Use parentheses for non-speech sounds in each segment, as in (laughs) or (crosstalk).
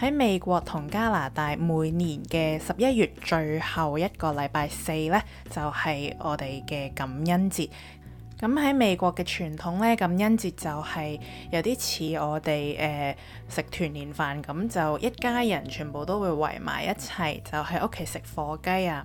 喺美國同加拿大，每年嘅十一月最後一個禮拜四呢，就係我哋嘅感恩節。咁喺美國嘅傳統呢，感恩節就係有啲似我哋誒食團年飯，咁就一家人全部都會圍埋一齊，就喺屋企食火雞啊！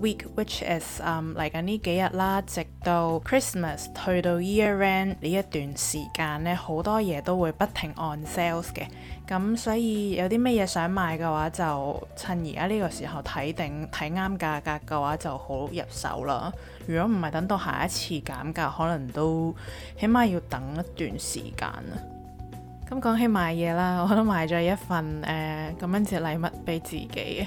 week，which is，嚟緊呢幾日啦，直到 Christmas 去到 Year End 呢一段時間呢，好多嘢都會不停 on sales 嘅，咁所以有啲咩嘢想買嘅話，就趁而家呢個時候睇定睇啱價格嘅話，就好入手啦。如果唔係等到下一次減價，可能都起碼要等一段時間啦。咁講起買嘢啦，我都買咗一份誒咁、呃、樣嘅禮物俾自己。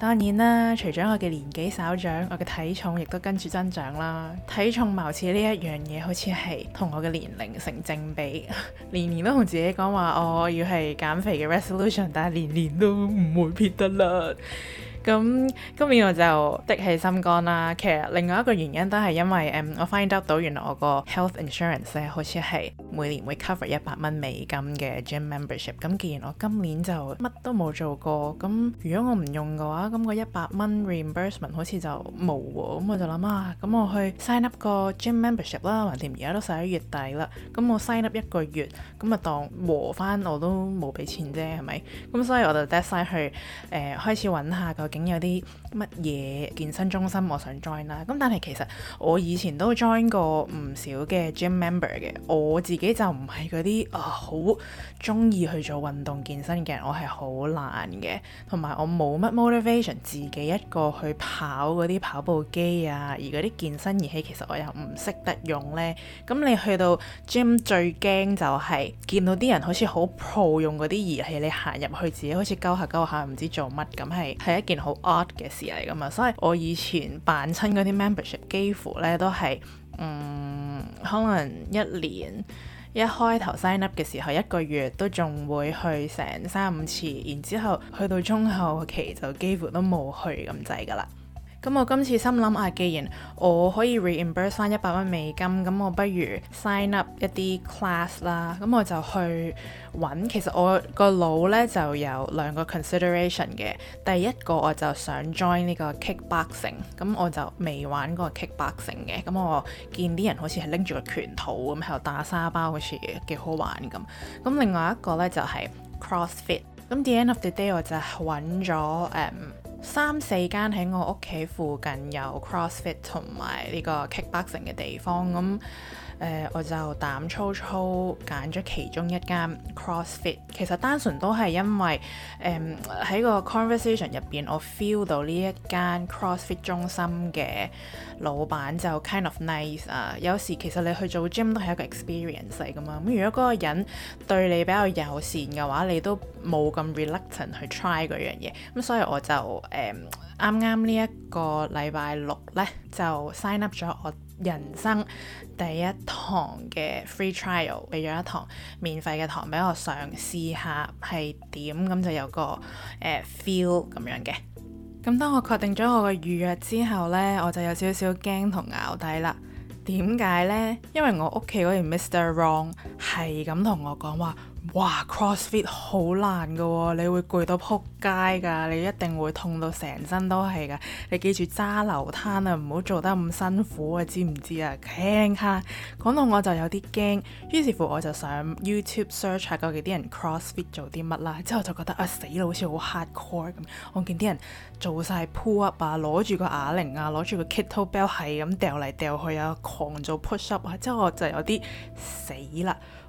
當然啦，除咗我嘅年紀稍長，我嘅體重亦都跟住增長啦。體重貌似呢一樣嘢，好似係同我嘅年齡成正比。 (laughs) 年年都同自己講話，哦，我要係減肥嘅 resolution，但係年年都唔會撇得啦。咁、嗯、今年我就的起心肝啦。其實另外一個原因都係因為誒、嗯、我 find out 到原來我個 health insurance 咧，好似係每年會 cover 一百蚊美金嘅 gym membership、嗯。咁既然我今年就乜都冇做過咁、嗯、如果我唔用嘅話，咁、嗯、個一百蚊 reimbursement 好似就冇喎。咁、嗯、我就諗啊，咁、嗯、我去 sign up 個 gym membership 啦。橫掂而家都十一月底啦，咁、嗯、我 sign up 一個月，咁、嗯、咪當和翻我都冇俾錢啫，係咪？咁、嗯、所以我就 decide 去誒、呃、開始揾下個。究竟有啲乜嘢健身中心我想 join 啦，咁但係其實我以前都 join 過唔少嘅 gym member 嘅，我自己就唔係嗰啲啊好中意去做運動健身嘅人，我係好懶嘅，同埋我冇乜 motivation 自己一個去跑嗰啲跑步機啊，而嗰啲健身儀器其實我又唔識得用咧，咁你去到 gym 最驚就係見到啲人好似好 pro 用嗰啲儀器，你行入去自己好似鳩下鳩下唔知做乜，咁係係一件，好 odd 嘅事嚟噶嘛，所以我以前辦親嗰啲 membership 幾乎咧都係，嗯，可能一年一開頭 sign up 嘅時候一個月都仲會去成三五次，然之後去到中後期就幾乎都冇去咁滯噶啦。咁我今次心諗啊，既然我可以 reimburse 翻一百蚊美金，咁我不如 sign up 一啲 class 啦。咁我就去揾。其實我個腦呢就有兩個 consideration 嘅。第一個我就想 join 呢個 kickboxing。咁我就未玩過 kickboxing 嘅。咁我見啲人好似係拎住個拳套咁喺度打沙包，好似幾好玩咁。咁另外一個呢就係 CrossFit。咁 the end of the day 我就揾咗誒。Um, 三四間喺我屋企附近有 CrossFit 同埋呢個 Kickboxing 嘅地方咁。誒、呃、我就膽粗粗揀咗其中一間 CrossFit，其實單純都係因為誒喺、呃、個 conversation 入邊，我 feel 到呢一間 CrossFit 中心嘅老闆就 kind of nice 啊。有時其實你去做 gym 都係一個 experience 嚟㗎嘛。咁如果嗰個人對你比較友善嘅話，你都冇咁 reluctant 去 try 嗰樣嘢。咁所以我就誒啱啱呢一個禮拜六呢，就 sign up 咗我。人生第一堂嘅 free trial，俾咗一堂免費嘅堂俾我嘗試下係點，咁就有個、呃、feel 咁樣嘅。咁當我確定咗我嘅預約之後呢，我就有少少驚同淆底啦。點解呢？因為我屋企嗰條 Mr. Wrong 係咁同我講話。哇，CrossFit 好難㗎，你會攰到撲街㗎，你一定會痛到成身都係㗎。你記住揸流灘啊，唔好做得咁辛苦啊，知唔知啊？聽下，講到我就有啲驚，於是乎我就上 YouTube search 下究竟啲人 CrossFit 做啲乜啦，之後就覺得啊，死啦，好似好 hardcore 咁。我見啲人做晒 pull up 啊，攞住個啞鈴啊，攞住個 kettle bell 係咁掉嚟掉去啊，狂做 push up 啊，之後我就有啲死啦。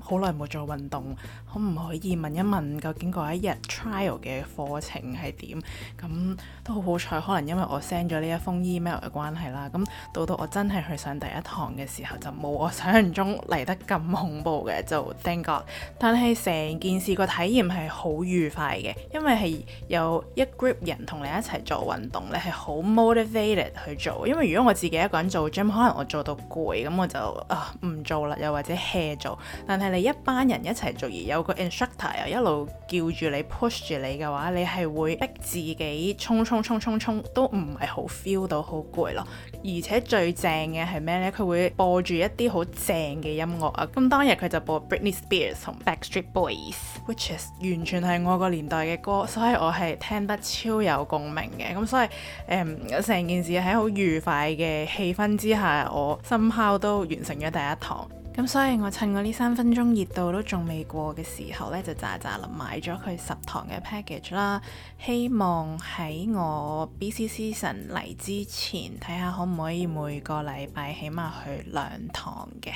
好耐冇做運動，可唔可以問一問究竟嗰一日 trial 嘅課程係點？咁、嗯、都好好彩，可能因為我 send 咗呢一封 email 嘅關係啦。咁、嗯、到到我真係去上第一堂嘅時候，就冇我想象中嚟得咁恐怖嘅，就 thank God。但係成件事個體驗係好愉快嘅，因為係有一 group 人同你一齊做運動，你係好 motivated 去做。因為如果我自己一個人做 gym，可能我做到攰，咁我就啊唔、呃、做啦，又或者 hea 做。但係係你一班人一齊做而有個 instructor 啊，一路叫住你 push 住你嘅話，你係會逼自己，衝衝衝衝衝，都唔係好 feel 到好攰咯。而且最正嘅係咩呢？佢會播住一啲好正嘅音樂啊。咁當日佢就播 Britney Spears 同 Backstreet Boys，which 完全係我個年代嘅歌，所以我係聽得超有共鳴嘅。咁所以誒，成、嗯、件事喺好愉快嘅氣氛之下，我 somehow 都完成咗第一堂。咁所以，我趁我呢三分鐘熱度都仲未過嘅時候呢，就喳喳臨買咗佢十堂嘅 package 啦，希望喺我 BCC 神嚟之前，睇下可唔可以每個禮拜起碼去兩堂嘅。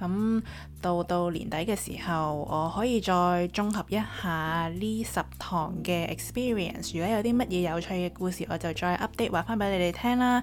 咁到到年底嘅時候，我可以再綜合一下呢十堂嘅 experience，如果有啲乜嘢有趣嘅故事，我就再 update 話翻俾你哋聽啦。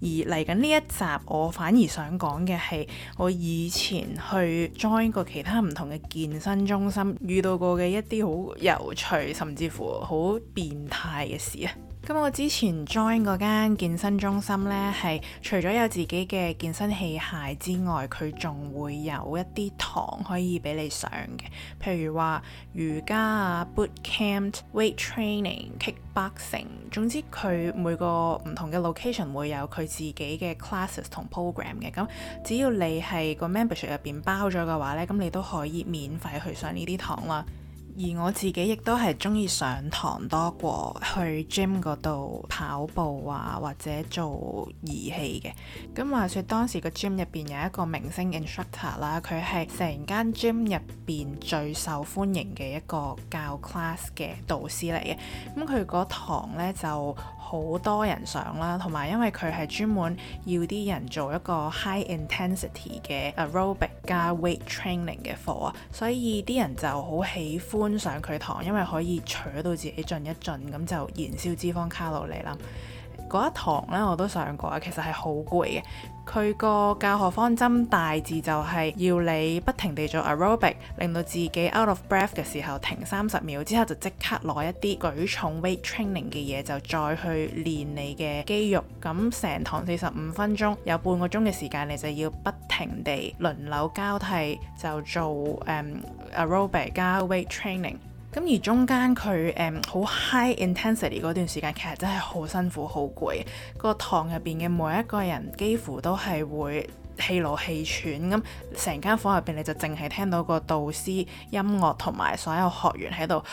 而嚟緊呢一集，我反而想講嘅係我以前去 join 過其他唔同嘅健身中心，遇到過嘅一啲好有趣，甚至乎好變態嘅事啊！咁我之前 join 嗰間健身中心呢，係除咗有自己嘅健身器械之外，佢仲會有一啲堂可以俾你上嘅，譬如話瑜伽啊、boot camp、weight training、kickboxing，總之佢每個唔同嘅 location 會有佢自己嘅 classes 同 program 嘅。咁只要你係個 membership 入邊包咗嘅話呢，咁你都可以免費去上呢啲堂啦。而我自己亦都係中意上堂多過去 gym 嗰度跑步啊，或者做儀器嘅。咁話說當時個 gym 入邊有一個明星 instructor 啦，佢係成間 gym 入邊最受歡迎嘅一個教 class 嘅導師嚟嘅。咁佢嗰堂呢就～好多人上啦，同埋因為佢係專門要啲人做一個 high intensity 嘅 aerobic 加 weight training 嘅課啊，所以啲人就好喜歡上佢堂，因為可以取到自己盡一盡，咁就燃燒脂肪卡路里啦。嗰一堂呢，我都上過啊，其實係好攰嘅。佢個教學方針大致就係要你不停地做 aerobic，令到自己 out of breath 嘅時候停三十秒，之後就即刻攞一啲舉重 weight training 嘅嘢，就再去練你嘅肌肉。咁成堂四十五分鐘有半個鐘嘅時,時間，你就要不停地輪流交替就做誒、um, aerobic 加 weight training。咁而中間佢誒好 high intensity 嗰段時間，其實真係好辛苦、好攰。個堂入邊嘅每一個人幾乎都係會氣勞氣喘，咁成間房入邊你就淨係聽到個導師音樂同埋所有學員喺度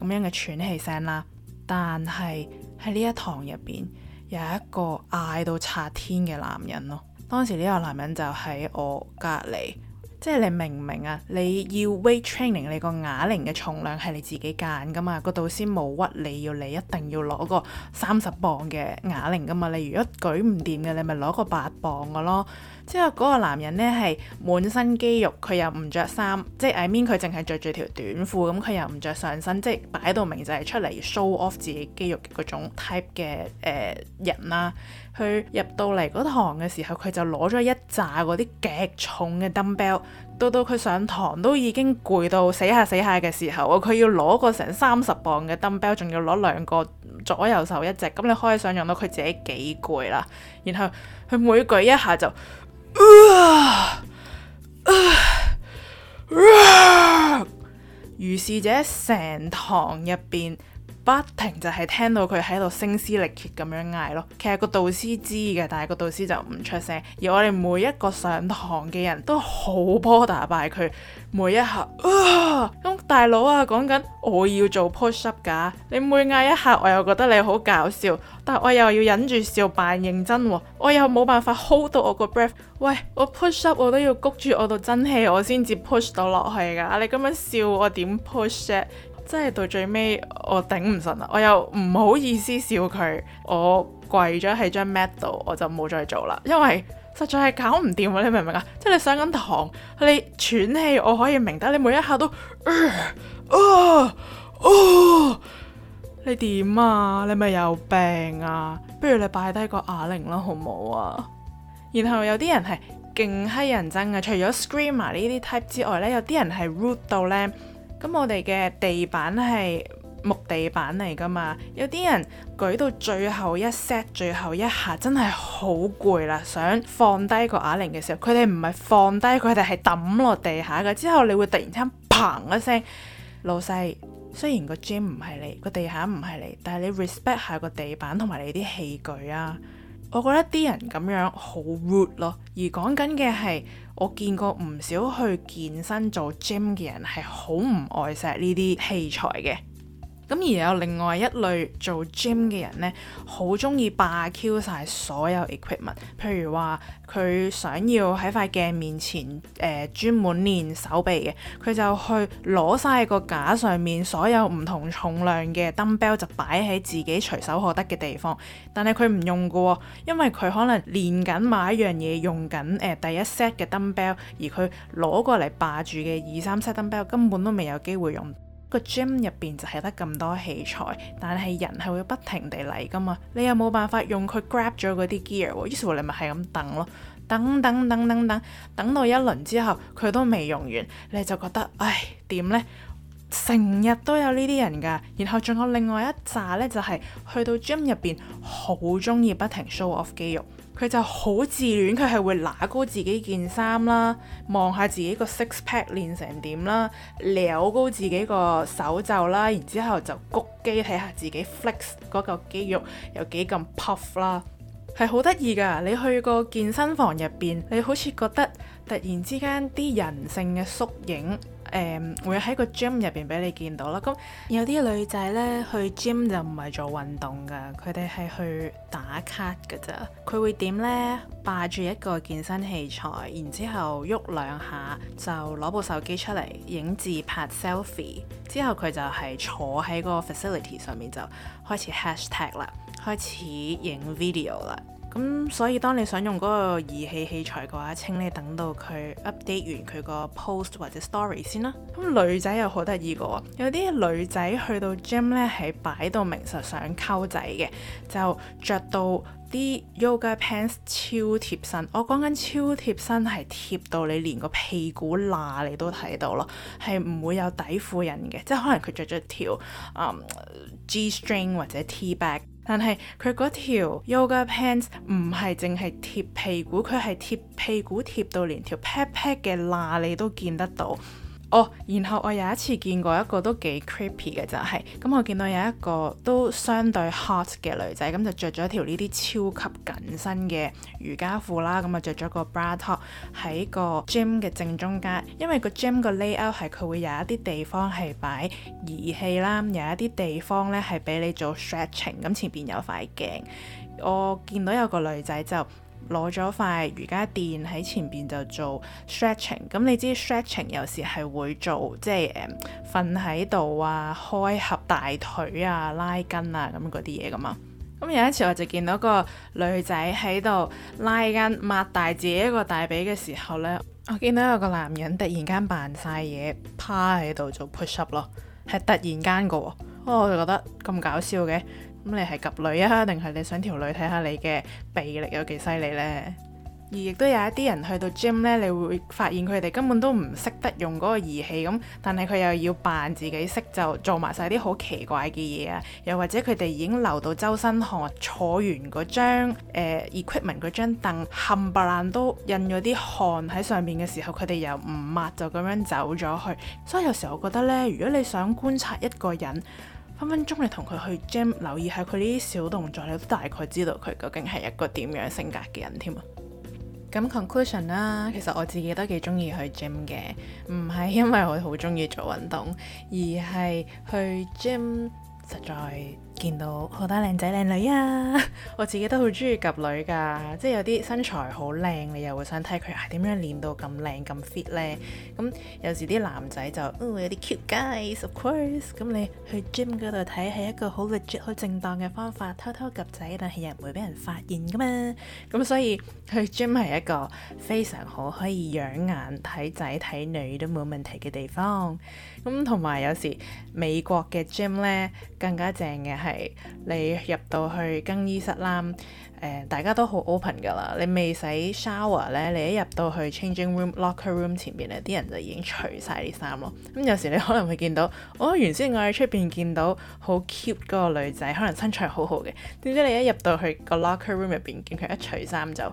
咁樣嘅喘氣聲啦。但係喺呢一堂入邊有一個嗌到拆天嘅男人咯。當時呢個男人就喺我隔離。即係你明唔明啊？你要 weight training，你個啞鈴嘅重量係你自己揀噶嘛，個導師冇屈你要你一定要攞個三十磅嘅啞鈴噶嘛。你如果舉唔掂嘅，你咪攞個八磅嘅咯。之後嗰個男人呢係滿身肌肉，佢又唔着衫，即係 I mean 佢淨係着住條短褲，咁佢又唔着上身，即係擺到明就係出嚟 show off 自己肌肉嗰種 type 嘅誒、呃、人啦、啊。佢入到嚟嗰堂嘅時候，佢就攞咗一扎嗰啲極重嘅啞鈴，到到佢上堂都已經攰到死下死下嘅時候，佢要攞個成三十磅嘅啞鈴，仲要攞兩個左右手一隻，咁你可以想像到佢自己幾攰啦。然後佢每舉一下就，於是者成堂入邊，不停就係聽到佢喺度聲嘶力竭咁樣嗌咯。其實個導師知嘅，但係個導師就唔出聲。而我哋每一個上堂嘅人都好波打敗佢每一下。咁、呃、大佬啊，講緊我要做 push up 㗎、啊。你每嗌一下，我又覺得你好搞笑，但我又要忍住笑扮認真喎、啊。我又冇辦法 hold 到我個 breath。喂，我 push up 我都要谷住我度真氣，我先至 push 到落去㗎、啊。你咁樣笑我點 push？、啊。即係到最尾，我頂唔順啦，我又唔好意思笑佢，我跪咗喺張 mat 度，我就冇再做啦。因為實在係搞唔掂啊！你明唔明啊？即係你上緊堂，你喘氣，我可以明得，你每一下都、呃，啊、呃，呃呃、啊，你點啊？你咪有病啊？不如你擺低個啞鈴啦，好唔好啊？然後有啲人係勁閪人憎啊，除咗 screamer 呢啲 type 之外呢，有啲人係 root 到呢。咁我哋嘅地板係木地板嚟㗎嘛，有啲人舉到最後一 set 最後一下，真係好攰啦，想放低個啞鈴嘅時候，佢哋唔係放低，佢哋係揼落地下嘅。之後你會突然之間砰一聲，老細，雖然個 gym 唔係你，個地下唔係你，但係你 respect 下個地板同埋你啲器具啊。我覺得啲人咁樣好 rude 咯，而講緊嘅係我見過唔少去健身做 gym 嘅人係好唔愛錫呢啲器材嘅。咁而有另外一類做 gym 嘅人呢，好中意霸 Q 晒所有 equipment。譬如話，佢想要喺塊鏡面前誒、呃、專門練手臂嘅，佢就去攞晒個架上面所有唔同重量嘅 d u b e l l 就擺喺自己隨手可得嘅地方。但係佢唔用嘅因為佢可能練緊買一樣嘢用緊誒第一 set 嘅 d u b e l l 而佢攞過嚟霸住嘅二三 set d u b e l l 根本都未有機會用。個 gym 入邊就係得咁多器材，但係人係會不停地嚟噶嘛，你又冇辦法用佢 grab 咗嗰啲 gear，於是乎你咪係咁等咯，等等等等等等到一輪之後佢都未用完，你就覺得唉點呢？成日都有呢啲人㗎，然後仲有另外一紮呢，就係去到 gym 入邊，好中意不停 show off 肌肉。佢就好自戀，佢係會拿高自己件衫啦，望下自己個 six pack 練成點啦，撩高自己個手袖啦，然之後就谷肌睇下自己 flex 嗰嚿肌肉有幾咁 puff 啦，係好得意㗎。你去個健身房入邊，你好似覺得突然之間啲人性嘅縮影。誒、嗯、會喺個 gym 入邊俾你見到啦。咁有啲女仔呢，去 gym 就唔係做運動噶，佢哋係去打卡噶咋，佢會點呢？霸住一個健身器材，然之後喐兩下就攞部手機出嚟影自拍 selfie。之後佢就係坐喺個 facility 上面就開始 hashtag 啦，開始影 video 啦。咁、嗯、所以當你想用嗰個儀器器材嘅話，請你等到佢 update 完佢個 post 或者 story 先啦。咁、嗯、女仔又好得意個，有啲女仔去到 gym 咧係擺到明實想溝仔嘅，就着到啲 yoga pants 超貼身。我講緊超貼身係貼到你連個屁股罅你都睇到咯，係唔會有底褲印嘅，即係可能佢着咗條、嗯、G string 或者 T back。但係佢嗰條 yoga pants 唔係淨係貼屁股，佢係貼屁股貼到連條 pat pat 嘅罅你都見得到。哦，oh，然後我有一次見過一個都幾 creepy 嘅就係、是，咁、嗯、我見到有一個都相對 hot 嘅女仔，咁、嗯、就着咗條呢啲超級緊身嘅瑜伽褲啦，咁、嗯、啊着咗個 bra top 喺個 gym 嘅正中間，因為個 gym 個 layout 係佢會有一啲地方係擺儀器啦，有一啲地方咧係俾你做 stretching，咁、嗯、前邊有塊鏡，我見到有個女仔就攞咗塊瑜伽墊喺前邊就做 stretching，咁你知 stretching 有時係會做即係誒瞓喺度啊、開合大腿啊、拉筋啊咁嗰啲嘢噶嘛。咁有一次我就見到個女仔喺度拉筋、擘大自己一個大髀嘅時候呢，我見到有個男人突然間扮晒嘢，趴喺度做 push up 咯，係突然間嘅喎、哦哦，我就覺得咁搞笑嘅。咁你係及女啊，定係你想條女睇下你嘅臂力有幾犀利呢？而亦都有一啲人去到 gym 呢，你會發現佢哋根本都唔識得用嗰個儀器咁，但係佢又要扮自己識，就做埋晒啲好奇怪嘅嘢啊！又或者佢哋已經流到周身汗，坐完嗰張、呃、equipment 嗰張凳冚唪唥都印咗啲汗喺上面嘅時候，佢哋又唔抹就咁樣走咗去。所以有時候我覺得呢，如果你想觀察一個人，分分鐘你同佢去 gym 留意下佢啲小動作，你都大概知道佢究竟係一個點樣性格嘅人添啊！咁 conclusion 啦，其實我自己都幾中意去 gym 嘅，唔係因為我好中意做運動，而係去 gym 實在，見到好多靚仔靚女啊！ (laughs) 我自己都好中意夾女㗎，即係有啲身材好靚，你又會想睇佢係點樣練到咁靚咁 fit 咧。咁有時啲男仔就，哦，有啲 cute guys of course。咁你去 gym 嗰度睇係一個好 l 好正當嘅方法，偷偷夾仔，但係又唔會俾人發現㗎嘛。咁所以去 gym 係一個非常好可以養眼睇仔睇女都冇問題嘅地方。咁同埋有時美國嘅 gym 咧更加正嘅係你入到去更衣室啦，誒、呃、大家都好 open 噶啦，你未使 shower 咧，你一入到去 changing room、locker room 前邊咧，啲人就已經除晒啲衫咯。咁、嗯、有時你可能會見到，哦，原先我喺出邊見到好 cute 嗰個女仔，可能身材好好嘅，點知你一入到去個 locker room 入邊見佢一除衫就，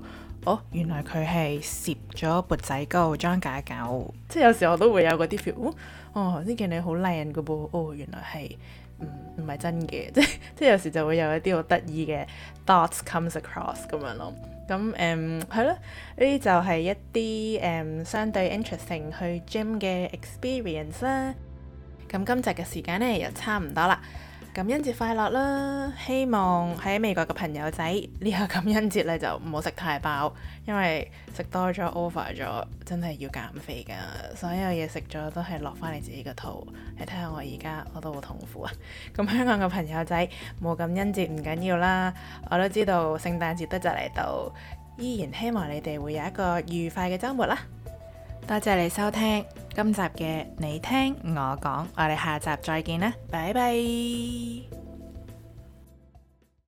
哦，原來佢係攝咗缽仔糕裝假狗，即係有時我都會有嗰啲 feel。哦，頭、哦、先見你好靚噶噃，哦，原來係。唔唔係真嘅，即 (laughs) 即有時就會有一啲好得意嘅 thoughts comes across 咁樣咯。咁誒係啦，呢、嗯、啲就係一啲誒、嗯、相對 interesting 去 gym 嘅 experience 啦。咁今集嘅時間呢，又差唔多啦。感恩節快樂啦！希望喺美國嘅朋友仔呢、呢個感恩節咧就唔好食太飽，因為食多咗 over 咗，真係要減肥噶。所有嘢食咗都係落翻你自己個肚。你睇下我而家我都好痛苦啊！咁、嗯、香港嘅朋友仔冇感恩節唔緊要啦，我都知道聖誕節得就嚟到，依然希望你哋會有一個愉快嘅周末啦。多謝你收聽今集嘅你聽我講，我哋下集再見啦，拜拜。